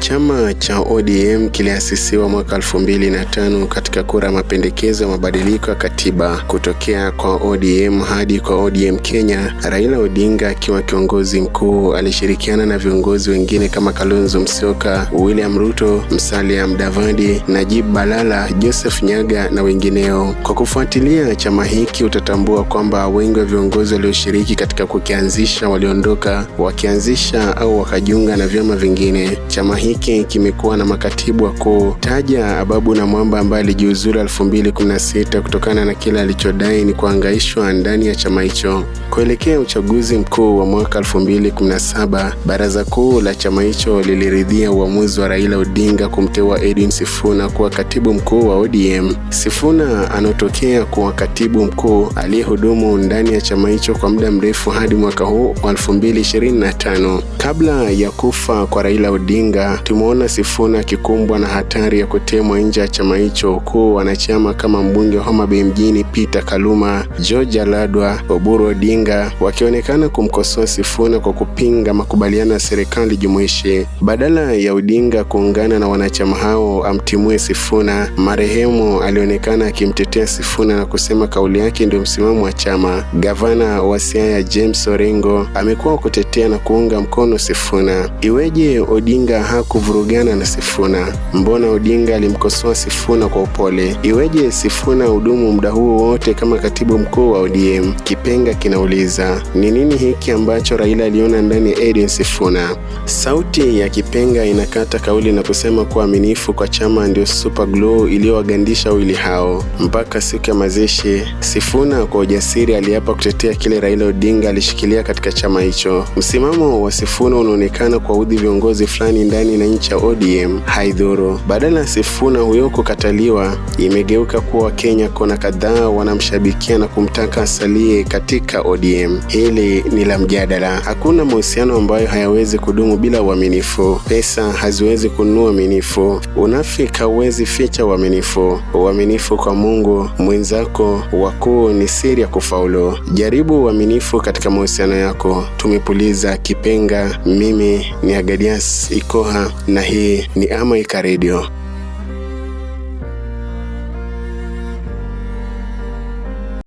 Chama cha ODM kiliasisiwa mwaka 2005 katika kura ya mapendekezo ya mabadiliko ya katiba kutokea kwa ODM hadi kwa ODM Kenya. Raila Odinga akiwa kiongozi mkuu alishirikiana na viongozi wengine kama Kalonzo Musyoka, William Ruto, Musalia Mudavadi, Najib Balala, Joseph Nyaga na wengineo. Kwa kufuatilia chama hiki utatambua kwamba wengi wa viongozi walioshiriki katika kukianzisha waliondoka wakianzisha au wakajiunga na vyama vingine. Chama hiki kimekuwa na makatibu wa kutaja Ababu na Mwamba ambaye alijiuzulu 2016 kutokana na kile alichodai ni kuangaishwa ndani ya chama hicho. Kuelekea uchaguzi mkuu wa mwaka 2017, baraza kuu la chama hicho liliridhia uamuzi wa Raila Odinga kumteua Edwin Sifuna kuwa katibu mkuu wa ODM. Sifuna anaotokea kuwa katibu mkuu aliyehudumu ndani ya chama hicho kwa muda mrefu hadi mwaka huu wa 2025. Kabla ya kufa kwa Raila Odinga Tumeona Sifuna akikumbwa na hatari ya kutemwa nje ya chama hicho, huku wanachama kama mbunge wa Bay mjini Peter Kaluma, George Aladwa, Oburu Odinga wakionekana kumkosoa Sifuna kwa kupinga makubaliano ya serikali jumuishi. Badala ya Odinga kuungana na wanachama hao amtimue Sifuna, marehemu alionekana akimtetea Sifuna na kusema kauli yake ndio msimamo wa chama. Gavana wa Siaya James Orengo amekuwa kutetea na kuunga mkono Sifuna. Iweje Odinga kuvurugana na Sifuna. Mbona Odinga alimkosoa Sifuna kwa upole? Iweje Sifuna hudumu muda huo wote kama katibu mkuu wa ODM? Kipenga kinauliza ni nini hiki ambacho Raila aliona ndani ya Edwin Sifuna? Sauti ya Kipenga inakata kauli na kusema kuwa aminifu kwa chama ndio super glue iliyowagandisha wili hao. Mpaka siku ya mazishi, Sifuna kwa ujasiri aliapa kutetea kile Raila Odinga alishikilia katika chama hicho. Msimamo wa Sifuna unaonekana kwa udhi viongozi fulani ndani nchi ya ODM haidhuru. Badala ya Sifuna huyo kukataliwa, imegeuka kuwa Wakenya kona kadhaa wanamshabikia na kumtaka asalie katika ODM. Hili ni la mjadala. Hakuna mahusiano ambayo hayawezi kudumu bila uaminifu. Pesa haziwezi kununua uaminifu, unafiki hauwezi ficha uaminifu. Uaminifu kwa Mungu, mwenzako, wakuu ni siri ya kufaulu. Jaribu uaminifu katika mahusiano yako. Tumepuliza Kipenga. Mimi ni Agadias Ikoha na hii ni Amaika Radio.